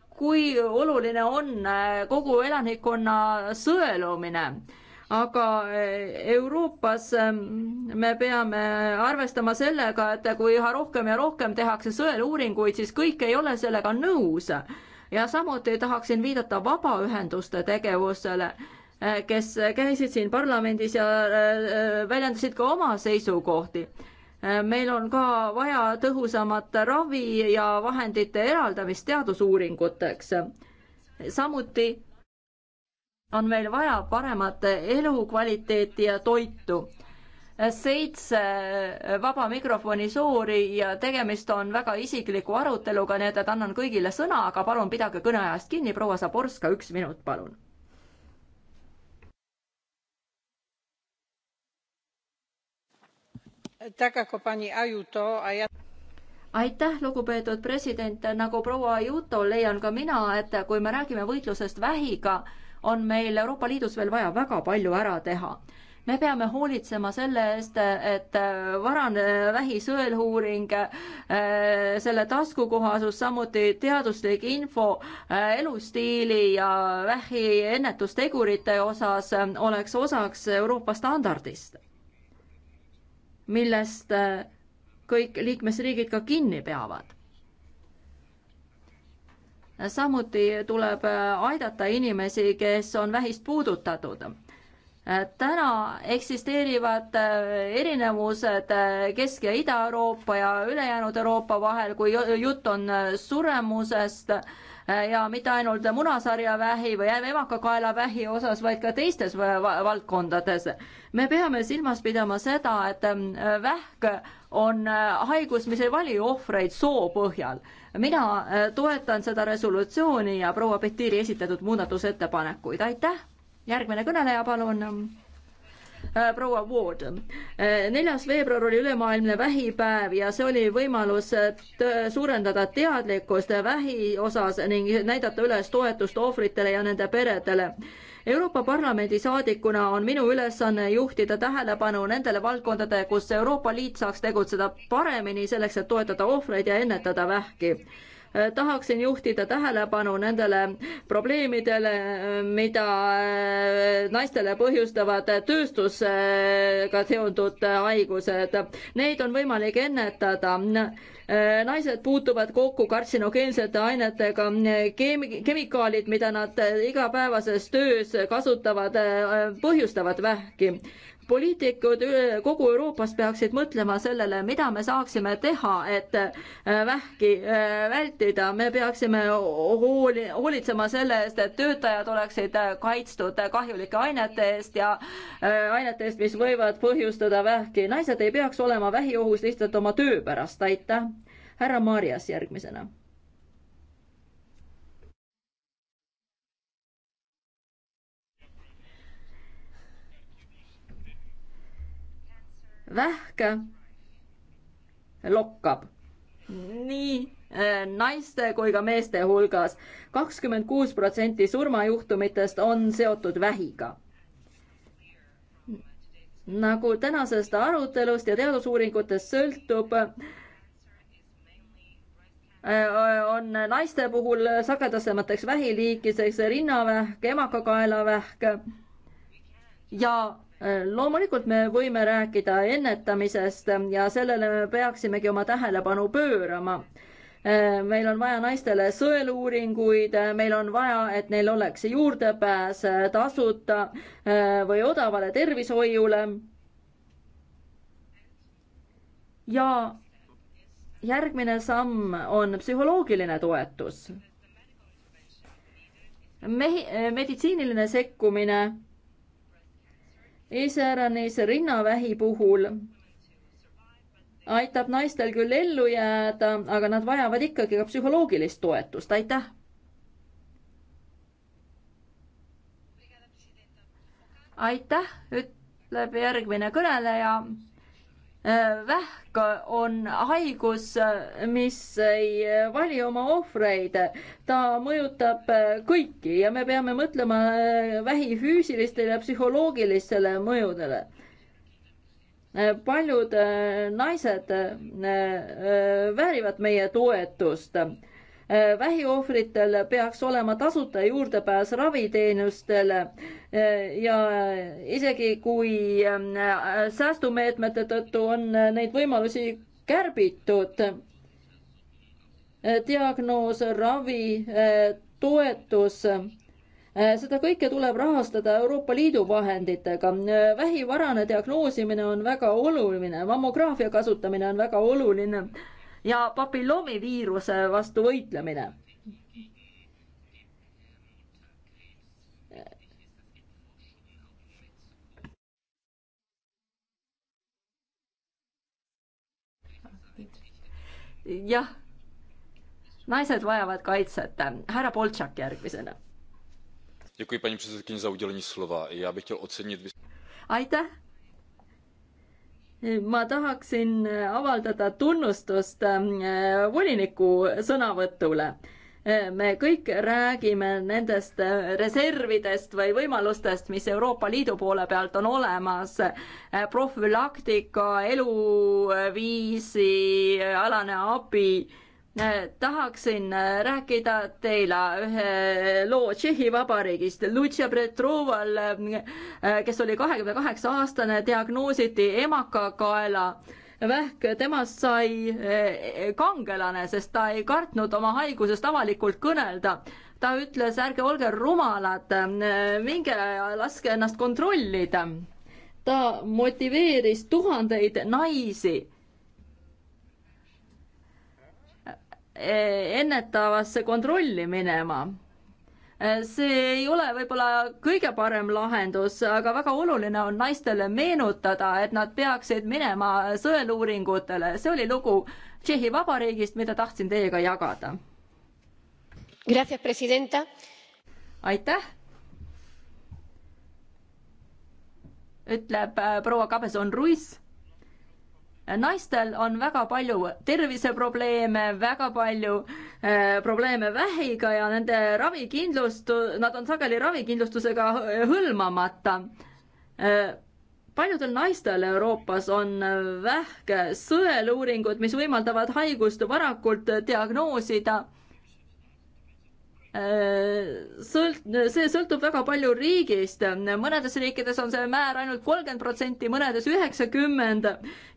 kui oluline on kogu elanikkonna sõelumine aga eh, Euroopas eh, me peame arvestama sellega, et kui üha rohkem ja rohkem tehakse sõeluuringuid, siis kõik ei ole sellega nõus. ja samuti tahaksin viidata vabaühenduste tegevusele, eh, kes käisid siin parlamendis ja väljendasid ka oma seisukohti meil on ka vaja tõhusamat ravi ja vahendite eraldamist teadusuuringuteks. samuti on meil vaja paremat elukvaliteeti ja toitu. seitse vaba mikrofoni soori ja tegemist on väga isikliku aruteluga, nii et, et annan kõigile sõna, aga palun pidage kõneajast kinni, proua Zaborska, üks minut, palun. aitäh, lugupeetud president, nagu proua Ajuto, leian ka mina, et kui me räägime võitlusest vähiga, on meil Euroopa Liidus veel vaja väga palju ära teha me peame hoolitsema selle eest, et äh, varane vähisõeluuring, äh, selle taskukohasus, samuti teaduslik info äh, elustiili ja vähi ennetustegurite osas oleks osaks Euroopa standardist, millest kõik liikmesriigid ka kinni peavad samuti tuleb äh, aidata inimesi, kes on vähist puudutatud äh, täna eksisteerivad äh, erinevused Kesk- ja Ida-Euroopa ja ülejäänud Euroopa vahel, kui jutt on suremusest ja mitte ainult munasarjavähi või emakakaelavähi osas, vaid ka teistes valdkondades. me peame silmas pidama seda, et vähk on äh, haigus, mis ei vali ohvreid soo põhjal. mina äh, toetan seda resolutsiooni ja proua Petiri esitatud muudatusettepanekuid, aitäh. järgmine kõneleja, palun äh, proua Ward. neljas veebruar oli ülemaailmne vähipäev ja see oli võimalus suurendada teadlikkust vähi osas ning näidata üles toetust ohvritele ja nende peredele Euroopa Parlamendi saadikuna on minu ülesanne juhtida tähelepanu nendele valdkondadele, kus Euroopa Liit saaks tegutseda paremini selleks, et toetada ohvreid ja ennetada vähki Äh, tahaksin juhtida tähelepanu nendele probleemidele, mida äh, naistele põhjustavad tööstusega seonduvad haigused. Neid on võimalik ennetada äh, naised puutuvad kokku kartsinogeensete ainetega, keemi-, kemikaalid, mida nad igapäevases töös kasutavad, põhjustavad vähki poliitikud kogu Euroopas peaksid mõtlema sellele, mida me saaksime teha, et äh, vähki äh, vältida. me peaksime hooli, hoolitsema selle eest, et töötajad oleksid äh, kaitstud kahjulike ainete eest ja ainete eest, mis võivad põhjustada vähki. naised ei peaks olema vähiohus lihtsalt oma töö pärast. aitäh. härra Marjas järgmisena vähk lokkab. nii äh, naiste kui ka meeste hulgas. kakskümmend kuus protsenti surmajuhtumitest on seotud vähiga. nagu tänasest arutelust ja teadusuuringutest sõltub, äh, on naiste puhul sagedasemateks vähiliikideks rinnavähk, emakakaelavähk ja loomulikult me võime rääkida ennetamisest ja sellele me peaksimegi oma tähelepanu pöörama. meil on vaja naistele sõeluuringuid, meil on vaja, et neil oleks juurdepääs tasuta või odavale tervishoiule. ja järgmine samm on psühholoogiline toetus. mehi-, meditsiiniline sekkumine iseäranis rinnavähi puhul aitab naistel küll ellu jääda, aga nad vajavad ikkagi ka psühholoogilist toetust, aitäh. aitäh, ütleb järgmine kõneleja Äh, vähk on haigus, äh, mis ei äh, vali oma ohvreid, ta mõjutab kõiki ja me peame mõtlema vähi füüsilistele ja psühholoogilistele mõjudele. paljud naised väärivad meie toetust Äh, vähiohvritel peaks olema tasuta juurdepääs raviteenustele äh, ja isegi kui ähm, säästumeetmete tõttu on äh, neid võimalusi kärbitud, diagnoos, ravi, toetus, seda kõike tuleb rahastada Euroopa Liidu vahenditega. vähivarane diagnoosimine on väga oluline, mammograafia kasutamine on väga oluline ja papilloomiviiruse vastu võitlemine. jah, naised vajavad kaitset. härra Boltšak järgmisena. aitäh ma tahaksin avaldada tunnustust äh, voliniku sõnavõtule. Äh, me kõik räägime nendest äh, reservidest või võimalustest, mis Euroopa Liidu poole pealt on olemas, profülaktika, eluviisi, alane abi tahaksin rääkida teile ühe loo Tšehhi Vabariigist. Lucia Petroval, kes oli kahekümne kaheksa aastane, diagnoositi emakakaela vähk, temast sai eh, kangelane, sest ta ei kartnud oma haigusest avalikult kõnelda. ta ütles, ärge olge rumalad, minge laske ennast kontrollida. ta motiveeris tuhandeid naisi Eh, ennetavasse kontrolli minema. Eh, see ei ole võib-olla kõige parem lahendus, aga väga oluline on naistele meenutada, et nad peaksid minema sõeluuringutele, see oli lugu Tšehhi Vabariigist, mida tahtsin teiega jagada. aitäh. ütleb eh, proua Kabeson-Ruiz naistel on väga palju terviseprobleeme, väga palju äh, probleeme vähiga ja nende ravikindlustu-, nad on sageli ravikindlustusega hõlmamata äh,. paljudel naistel Euroopas on vähk sõeluuringud, mis võimaldavad haigust varakult diagnoosida Äh, sõlt-, see sõltub väga palju riigist, mõnedes riikides on see määr ainult kolmkümmend protsenti, mõnedes üheksakümmend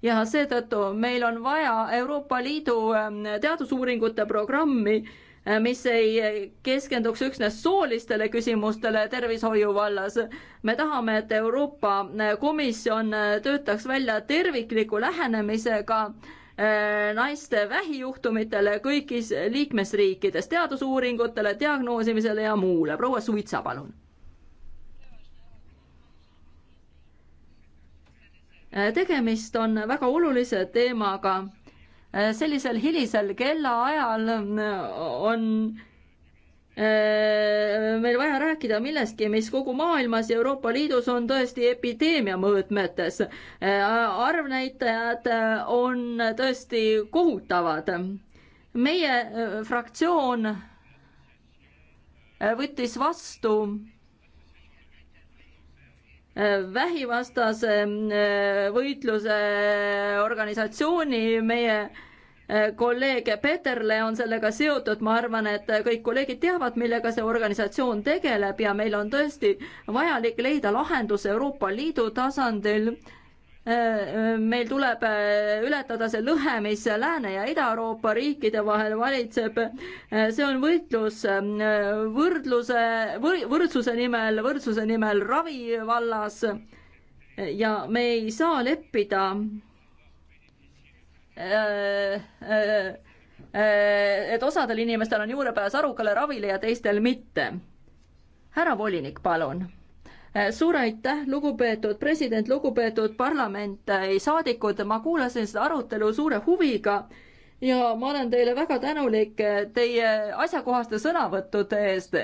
ja seetõttu meil on vaja Euroopa Liidu ähm, teadusuuringute programmi, äh, mis ei keskenduks üksnes soolistele küsimustele tervishoiu vallas. me tahame, et Euroopa äh, Komisjon töötaks välja tervikliku lähenemisega äh, Äh, naiste vähijuhtumitele kõigis liikmesriikides, teadusuuringutele, diagnoosimisele ja muule. proua Suitsa, palun. Äh, tegemist on väga olulise teemaga. Äh, sellisel hilisel kellaajal on Äh, meil vaja rääkida millestki, mis kogu maailmas ja Euroopa Liidus on tõesti epideemia mõõtmetes. Äh, arvnäitajad äh, on tõesti kohutavad. meie fraktsioon võttis vastu vähivastase võitluse organisatsiooni meie Eh, kolleeg Peterle on sellega seotud, ma arvan, et kõik kolleegid teavad, millega see organisatsioon tegeleb ja meil on tõesti vajalik leida lahendus Euroopa Liidu tasandil. Eh, meil tuleb eh, ületada see lõhe, mis Lääne- ja Ida-Euroopa riikide vahel valitseb. see on võitlus võrdluse võr,, võrdsuse nimel, võrdsuse nimel ravi vallas. ja me ei saa leppida Äh, äh, et osadel inimestel on juurdepääs arukale ravile ja teistel mitte. härra volinik, palun äh, suur aitäh, lugupeetud president, lugupeetud parlament, saadikud, ma kuulasin seda arutelu suure huviga ja ma olen teile väga tänulik teie asjakohaste sõnavõttude eest.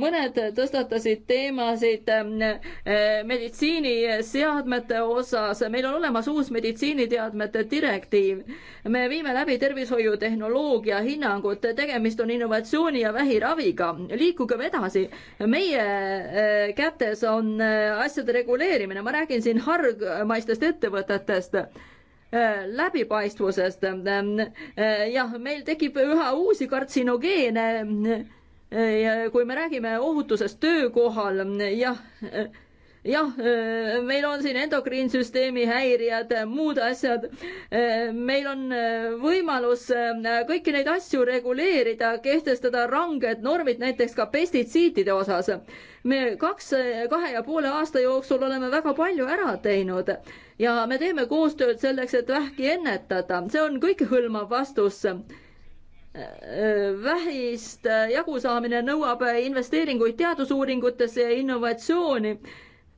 mõned tõstatasid teemasid eh, meditsiiniseadmete osas, meil on olemas uus meditsiiniteadmete direktiiv. me viime läbi tervishoiutehnoloogia hinnangut, tegemist on innovatsiooni ja vähiraviga, liikugem edasi. meie eh, kätes on eh, asjade reguleerimine, ma räägin siin hargmaistest ettevõtetest Äh, läbipaistvusest. Äh, äh, jah, meil tekib üha uusi kartsinogeene. kui me räägime ohutusest töökohal, jah jah, äh, meil on siin endokriinsüsteemi häirijad, äh, muud asjad. Äh, meil on võimalus kõiki neid asju reguleerida, kehtestada ranged normid näiteks ka pestitsiidide osas. me kaks, kahe ja poole aasta jooksul oleme väga palju ära teinud ja me teeme koostööd selleks, et vähki ennetada, see on kõikehõlmav vastus vähist jagusaamine nõuab investeeringuid teadusuuringutesse ja innovatsiooni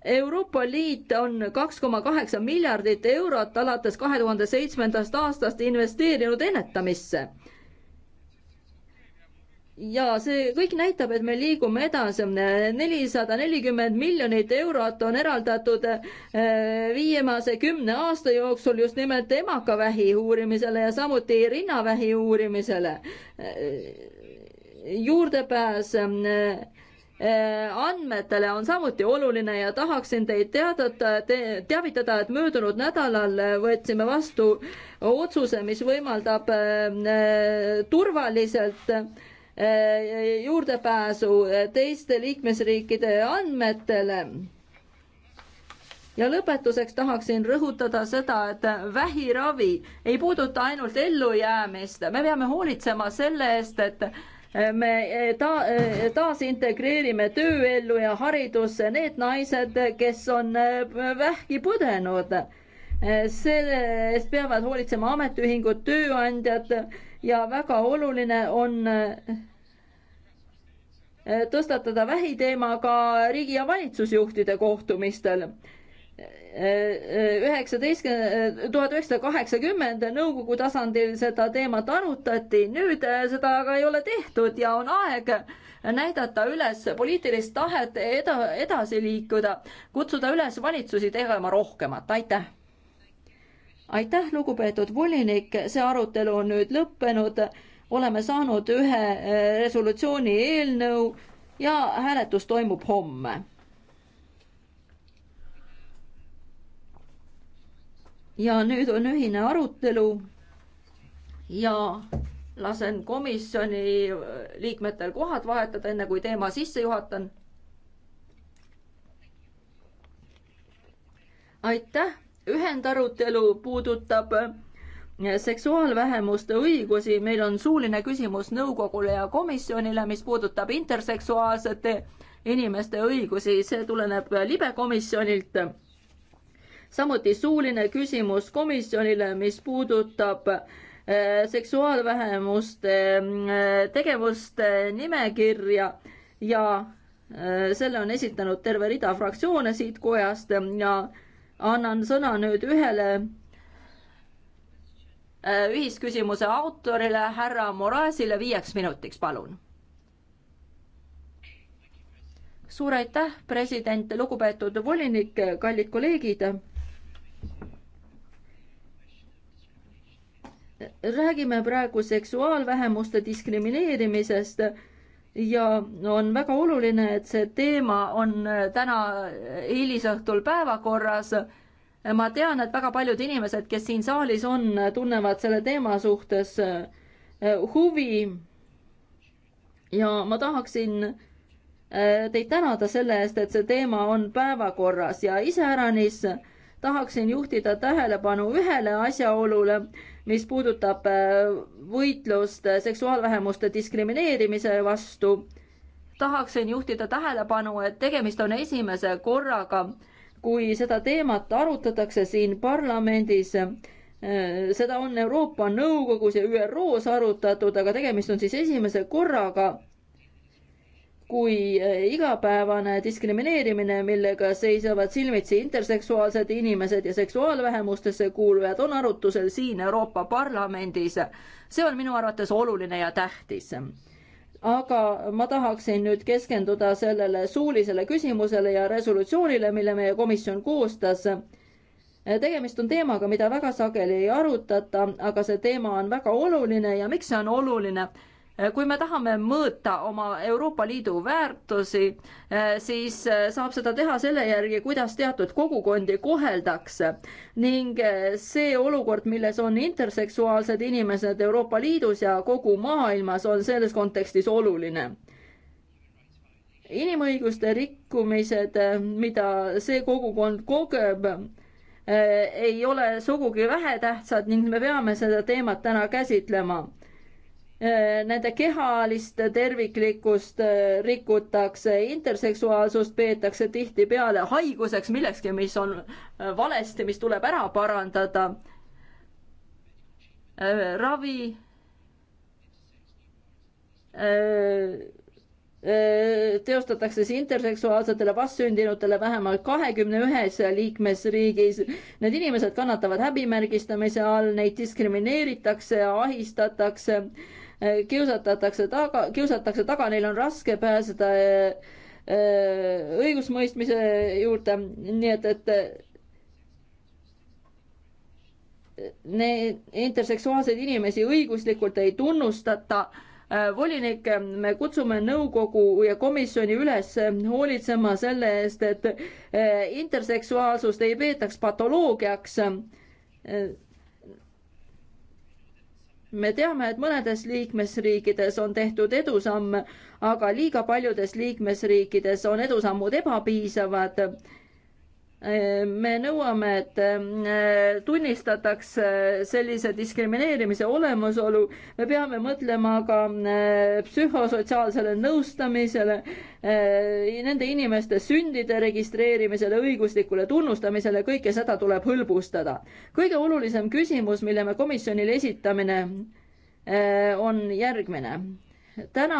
Euroopa Liit on kaks koma kaheksa miljardit eurot alates kahe tuhande seitsmendast aastast investeerinud ennetamisse. ja see kõik näitab, et me liigume edasi. nelisada nelikümmend miljonit eurot on eraldatud äh, viimase kümne aasta jooksul just nimelt emakavähi uurimisele ja samuti rinnavähi uurimisele. Äh, juurdepääs äh, Äh, andmetele on samuti oluline ja tahaksin teid teadata te,, teavitada, et möödunud nädalal äh, võtsime vastu otsuse, mis võimaldab äh, turvaliselt juurdepääsu teiste liikmesriikide andmetele. ja lõpetuseks tahaksin rõhutada seda, et vähiravi ei puuduta ainult ellujäämist, me peame hoolitsema selle eest, et me eh, ta-, eh, taasintegreerime tööellu ja haridusse need naised, kes on eh, vähki põdenud. selle eest peavad hoolitsema ametiühingud, tööandjad ja väga oluline on tõstatada vähiteema ka riigi- ja valitsusjuhtide kohtumistel üheksateistkümne, tuhat üheksasada kaheksakümmend nõukogu tasandil seda teemat arutati, nüüd seda aga ei ole tehtud ja on aeg näidata üles poliitilist tahet eda-, edasi liikuda, kutsuda üles valitsusi tegema rohkemat, aitäh! aitäh, lugupeetud volinik, see arutelu on nüüd lõppenud, oleme saanud ühe eh, resolutsiooni eelnõu ja hääletus toimub homme ja nüüd on ühine arutelu ja lasen komisjoni liikmetel kohad vahetada, enne kui teema sisse juhatan. aitäh, ühendarutelu puudutab seksuaalvähemuste õigusi, meil on suuline küsimus nõukogule ja komisjonile, mis puudutab interseksuaalsete inimeste õigusi, see tuleneb libekomisjonilt samuti suuline küsimus komisjonile, mis puudutab äh, seksuaalvähemuste äh, tegevuste nimekirja ja äh, selle on esitanud terve rida fraktsioone siit kojast ja annan sõna nüüd ühele ühisküsimuse autorile, härra Morasile viieks minutiks, palun. suur aitäh, president, lugupeetud volinik, kallid kolleegid räägime praegu seksuaalvähemuste diskrimineerimisest ja on väga oluline, et see teema on äh, täna hilisõhtul päevakorras. ma tean, et väga paljud inimesed, kes siin saalis on, tunnevad selle teema suhtes äh, huvi. ja ma tahaksin äh, teid tänada selle eest, et see teema on päevakorras ja iseäranis tahaksin juhtida tähelepanu ühele asjaolule mis puudutab äh, võitlust äh, seksuaalvähemuste diskrimineerimise vastu, tahaksin juhtida tähelepanu, et tegemist on esimese korraga, kui seda teemat arutatakse siin parlamendis. Äh, seda on Euroopa Nõukogus ja ÜRO-s arutatud, aga tegemist on siis esimese korraga, kui eh, igapäevane diskrimineerimine, millega seisavad silmitsi interseksuaalsed inimesed ja seksuaalvähemustesse kuulujad, on arutusel siin Euroopa Parlamendis. see on minu arvates oluline ja tähtis. aga ma tahaksin nüüd keskenduda sellele suulisele küsimusele ja resolutsioonile, mille meie komisjon koostas tegemist on teemaga, mida väga sageli ei arutata, aga see teema on väga oluline ja miks see on oluline? Eh, kui me tahame mõõta oma Euroopa Liidu väärtusi, eh, siis eh, saab seda teha selle järgi, kuidas teatud kogukondi koheldakse. ning see olukord, milles on interseksuaalsed inimesed Euroopa Liidus ja kogu maailmas, on selles kontekstis oluline inimõiguste rikkumised, mida see kogukond kogeb, ei ole sugugi vähetähtsad ning me peame seda teemat täna käsitlema Äh, nende kehalist terviklikkust äh, rikutakse, interseksuaalsust peetakse tihtipeale haiguseks, millekski, mis on äh, valesti, mis tuleb ära parandada. ravi teostatakse siis interseksuaalsetele vastsündinutele vähemalt kahekümne ühes liikmesriigis. Need inimesed kannatavad häbimärgistamise all, neid diskrimineeritakse, ahistatakse kiusatakse taga, kiusatakse taga, neil on raske pääseda äh, äh, õigusmõistmise juurde, nii et, et äh, neid interseksuaalseid inimesi õiguslikult ei tunnustata volinik, me kutsume nõukogu ja komisjoni üles hoolitsema selle eest, et interseksuaalsust ei peetaks patoloogiaks me teame, et mõnedes liikmesriikides on tehtud edusamme, aga liiga paljudes liikmesriikides on edusammud ebapiisavad me nõuame, et äh, tunnistatakse sellise diskrimineerimise olemasolu, me peame mõtlema ka äh, psühhosotsiaalsele nõustamisele, äh, nende inimeste sündide registreerimisele, õiguslikule tunnustamisele, kõike seda tuleb hõlbustada. kõige olulisem küsimus, mille me komisjonile esitamine, on järgmine. täna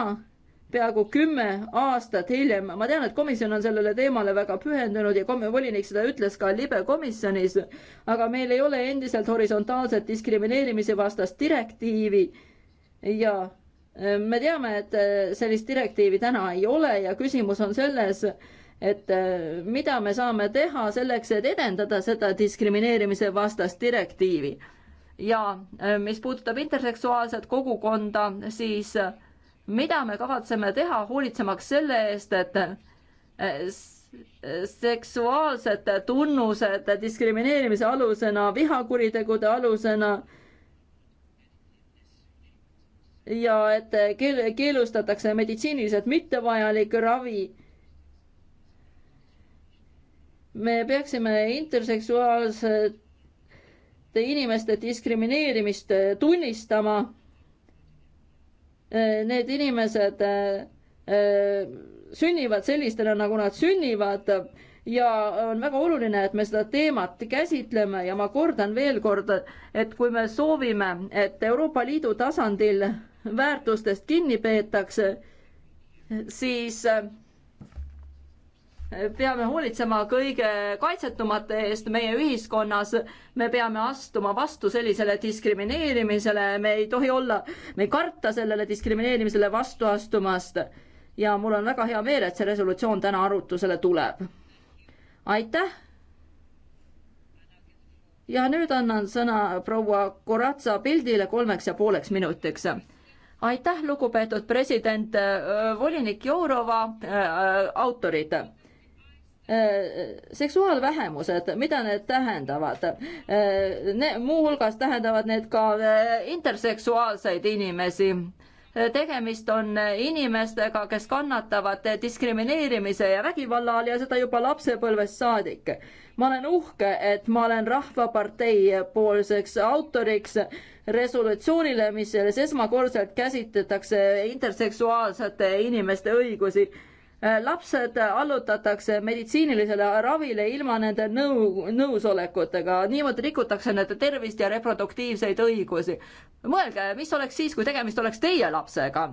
peaaegu kümme aastat hiljem. ma tean, et komisjon on sellele teemale väga pühendunud ja volinik seda ütles ka libe komisjonis, aga meil ei ole endiselt horisontaalset diskrimineerimise vastast direktiivi ja äh, me teame, et äh, sellist direktiivi täna ei ole ja küsimus on selles, et äh, mida me saame teha selleks, et edendada seda diskrimineerimise vastast direktiivi. ja mis puudutab interseksuaalset kogukonda, siis äh, mida me kavatseme teha, hoolitsemaks selle eest, et eh, seksuaalsed tunnused diskrimineerimise alusena, vihakuritegude alusena ja et keel-, keelustatakse meditsiiniliselt mittevajalik ravi me peaksime interseksuaalsete inimeste diskrimineerimist tunnistama Äh, need inimesed äh, äh, sünnivad sellistena, nagu nad sünnivad ja on väga oluline, et me seda teemat käsitleme ja ma kordan veel kord, et kui me soovime, et Euroopa Liidu tasandil väärtustest kinni peetakse, siis peame hoolitsema kõige kaitsetumate eest meie ühiskonnas. me peame astuma vastu sellisele diskrimineerimisele, me ei tohi olla, me ei karta sellele diskrimineerimisele vastu astumast. ja mul on väga hea meel, et see resolutsioon täna arutusele tuleb. aitäh. ja nüüd annan sõna proua Koratsa pildile kolmeks ja pooleks minutiks aitäh, lugupeetud president, äh, volinik Jourova äh,, äh autorid Äh, seksuaalvähemused, mida need tähendavad? Äh, muuhulgas tähendavad need ka äh, interseksuaalseid inimesi tegemist on inimestega, kes kannatavad diskrimineerimise ja vägivalla all ja seda juba lapsepõlvest saadik. ma olen uhke, et ma olen Rahvapartei poolseks autoriks resolutsioonile, mis selles esmakordselt käsitletakse interseksuaalsete inimeste õigusi Äh, lapsed allutatakse meditsiinilisele ravile ilma nende nõu, nõusolekutega, niimoodi rikutakse nende tervist ja reproduktiivseid õigusi. mõelge, mis oleks siis, kui tegemist oleks teie lapsega?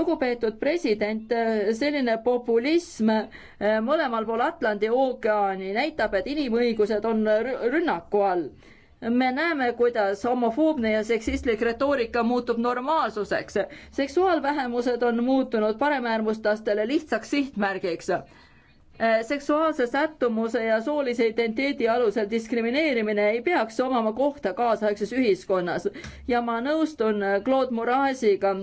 lugupeetud president, äh, selline populism äh, mõlemal pool Atlandi ookeani näitab, et inimõigused on rünnaku all me näeme, kuidas homofoobne ja seksistlik retoorika muutub normaalsuseks. seksuaalvähemused on muutunud paremäärmuslastele lihtsaks sihtmärgiks. seksuaalse sättumuse ja soolise identiteedi alusel diskrimineerimine ei peaks omama kohta kaasaegses ühiskonnas ja ma nõustun Claude Moraesiga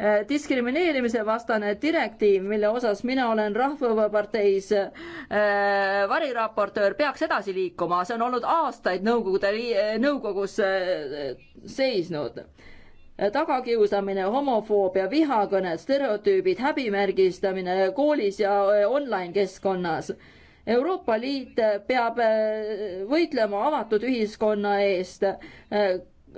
Eh, diskrimineerimise vastane direktiiv, mille osas mina olen Rahvaparteis äh, variraportöör, peaks edasi liikuma, see on olnud aastaid Nõukogude, eh, nõukogus äh, seisnud tagakiusamine, homofoobia, vihakõne, stereotüübid, häbimärgistamine koolis ja online keskkonnas. Euroopa Liit peab võitlema avatud ühiskonna eest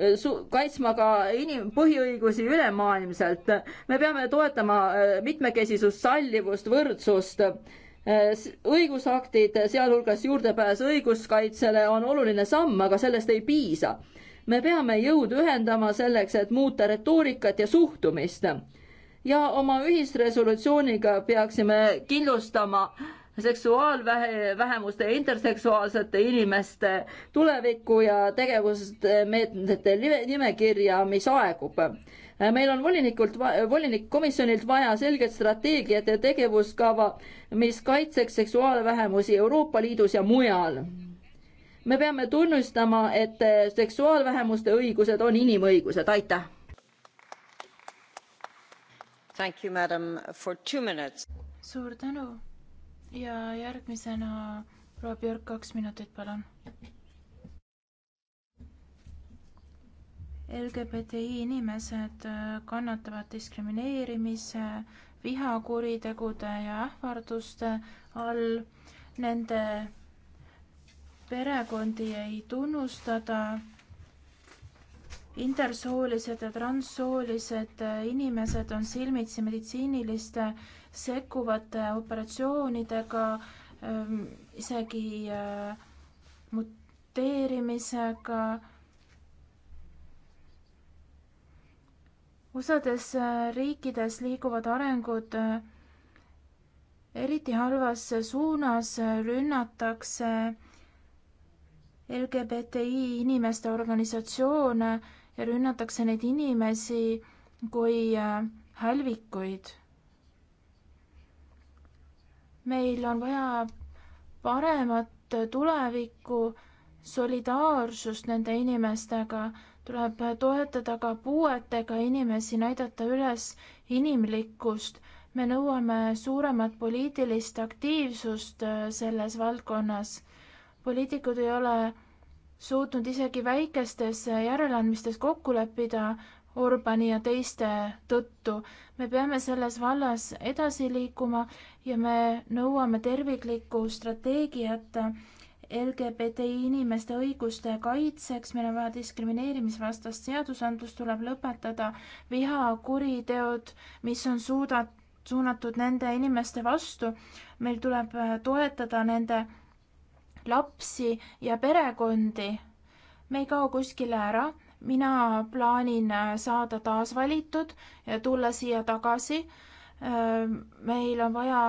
Äh, kaitsma ka inim-, põhiõigusi ülemaailmselt. me peame toetama äh, mitmekesisust, sallivust, võrdsust. Äh, õigusaktid, sealhulgas juurdepääs õiguskaitsele, on oluline samm, aga sellest ei piisa. me peame jõud ühendama selleks, et muuta retoorikat ja suhtumist. ja oma ühisresolutsiooniga peaksime kindlustama äh, seksuaalvähemuste, interseksuaalsete inimeste tulevikku ja tegevusmeetmete nimekirja, mis aegub. meil on volinikult, volinikkomisjonilt vaja selget strateegiat ja tegevuskava, mis kaitseks seksuaalvähemusi Euroopa Liidus ja mujal. me peame tunnustama, et seksuaalvähemuste õigused on inimõigused, aitäh. Thank you, madam, for two minutes. suur tänu ja järgmisena proua Björk, kaks minutit, palun. LGBTI inimesed äh, kannatavad diskrimineerimise, vihakuritegude ja ähvarduste all. Nende perekondi ei tunnustada. intersoolised ja transsoolised äh, inimesed on silmitsi meditsiiniliste sekkuvate operatsioonidega, ähm, isegi äh, muteerimisega. osades äh, riikides liiguvad arengud äh, eriti halvas suunas, rünnatakse LGBTI inimeste organisatsioone ja rünnatakse neid inimesi kui hälvikuid meil on vaja paremat tulevikku, solidaarsust nende inimestega, tuleb toetada ka puuetega inimesi, näidata üles inimlikkust. me nõuame suuremat poliitilist aktiivsust äh, selles valdkonnas. poliitikud ei ole suutnud isegi väikestes järeleandmistes kokku leppida Orbani ja teiste tõttu. me peame selles vallas edasi liikuma ja me nõuame terviklikku strateegiat LGBTI inimeste õiguste kaitseks, meil on vaja diskrimineerimisvastast seadusandlust, tuleb lõpetada vihakuriteod, mis on suuda-, suunatud nende inimeste vastu. meil tuleb äh, toetada nende lapsi ja perekondi. me ei kao kuskile ära mina plaanin äh, saada taas valitud ja tulla siia tagasi. Äh, meil on vaja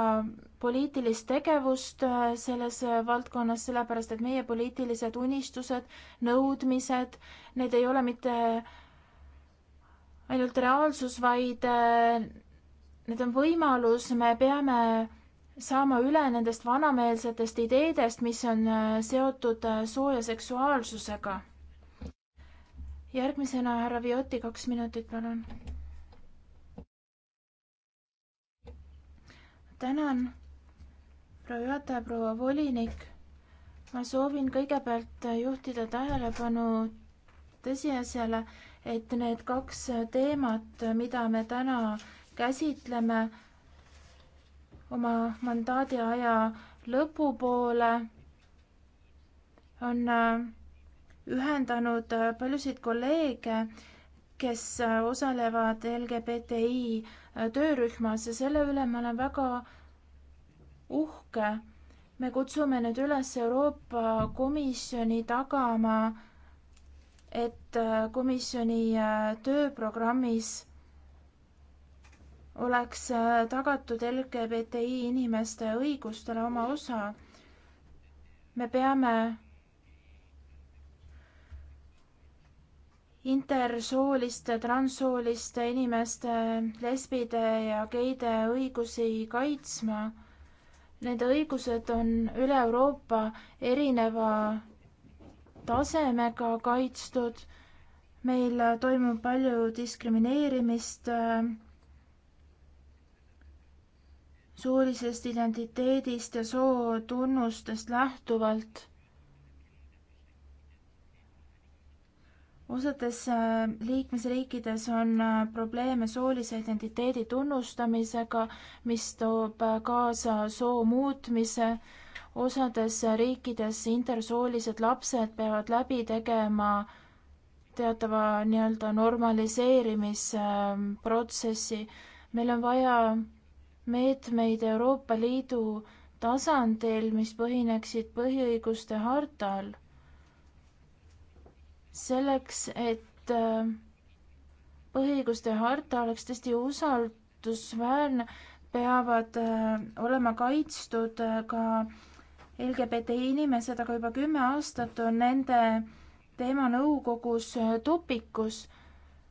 poliitilist tegevust äh, selles valdkonnas, sellepärast et meie poliitilised unistused, nõudmised, need ei ole mitte ainult reaalsus, vaid need on võimalus, me peame saama üle nendest vanameelsetest ideedest, mis on seotud sooja seksuaalsusega järgmisena härra Viotti, kaks minutit, palun. tänan, proua juhataja, proua volinik. ma soovin kõigepealt juhtida tähelepanu tõsiasjale, et need kaks teemat, mida me täna käsitleme oma mandaadi aja lõpupoole, on äh, ühendanud äh, paljusid kolleege, kes äh, osalevad LGBTI äh, töörühmas ja selle üle ma olen väga uhke. me kutsume nüüd üles Euroopa Komisjoni tagama, et komisjoni tööprogrammis oleks tagatud LGBTI inimeste õigustele oma osa. me peame intersooliste, transsooliste inimeste, lesbide ja geide õigusi kaitsma. Nende õigused on üle Euroopa erineva tasemega kaitstud. meil toimub palju diskrimineerimist soolisest identiteedist ja sootunnustest lähtuvalt osades äh, liikmesriikides on äh, probleeme soolise identiteedi tunnustamisega, mis toob äh, kaasa soo muutmise. osades riikides intersoolised lapsed peavad läbi tegema teatava nii-öelda normaliseerimisprotsessi. Ähm, meil on vaja meetmeid Euroopa Liidu tasandil, mis põhineksid põhiõiguste hartal selleks, et äh, põhiõiguste harta oleks tõesti usaldusväärne, peavad äh, olema kaitstud äh, ka LGBTI inimesed, aga juba kümme aastat on nende teema nõukogus topikus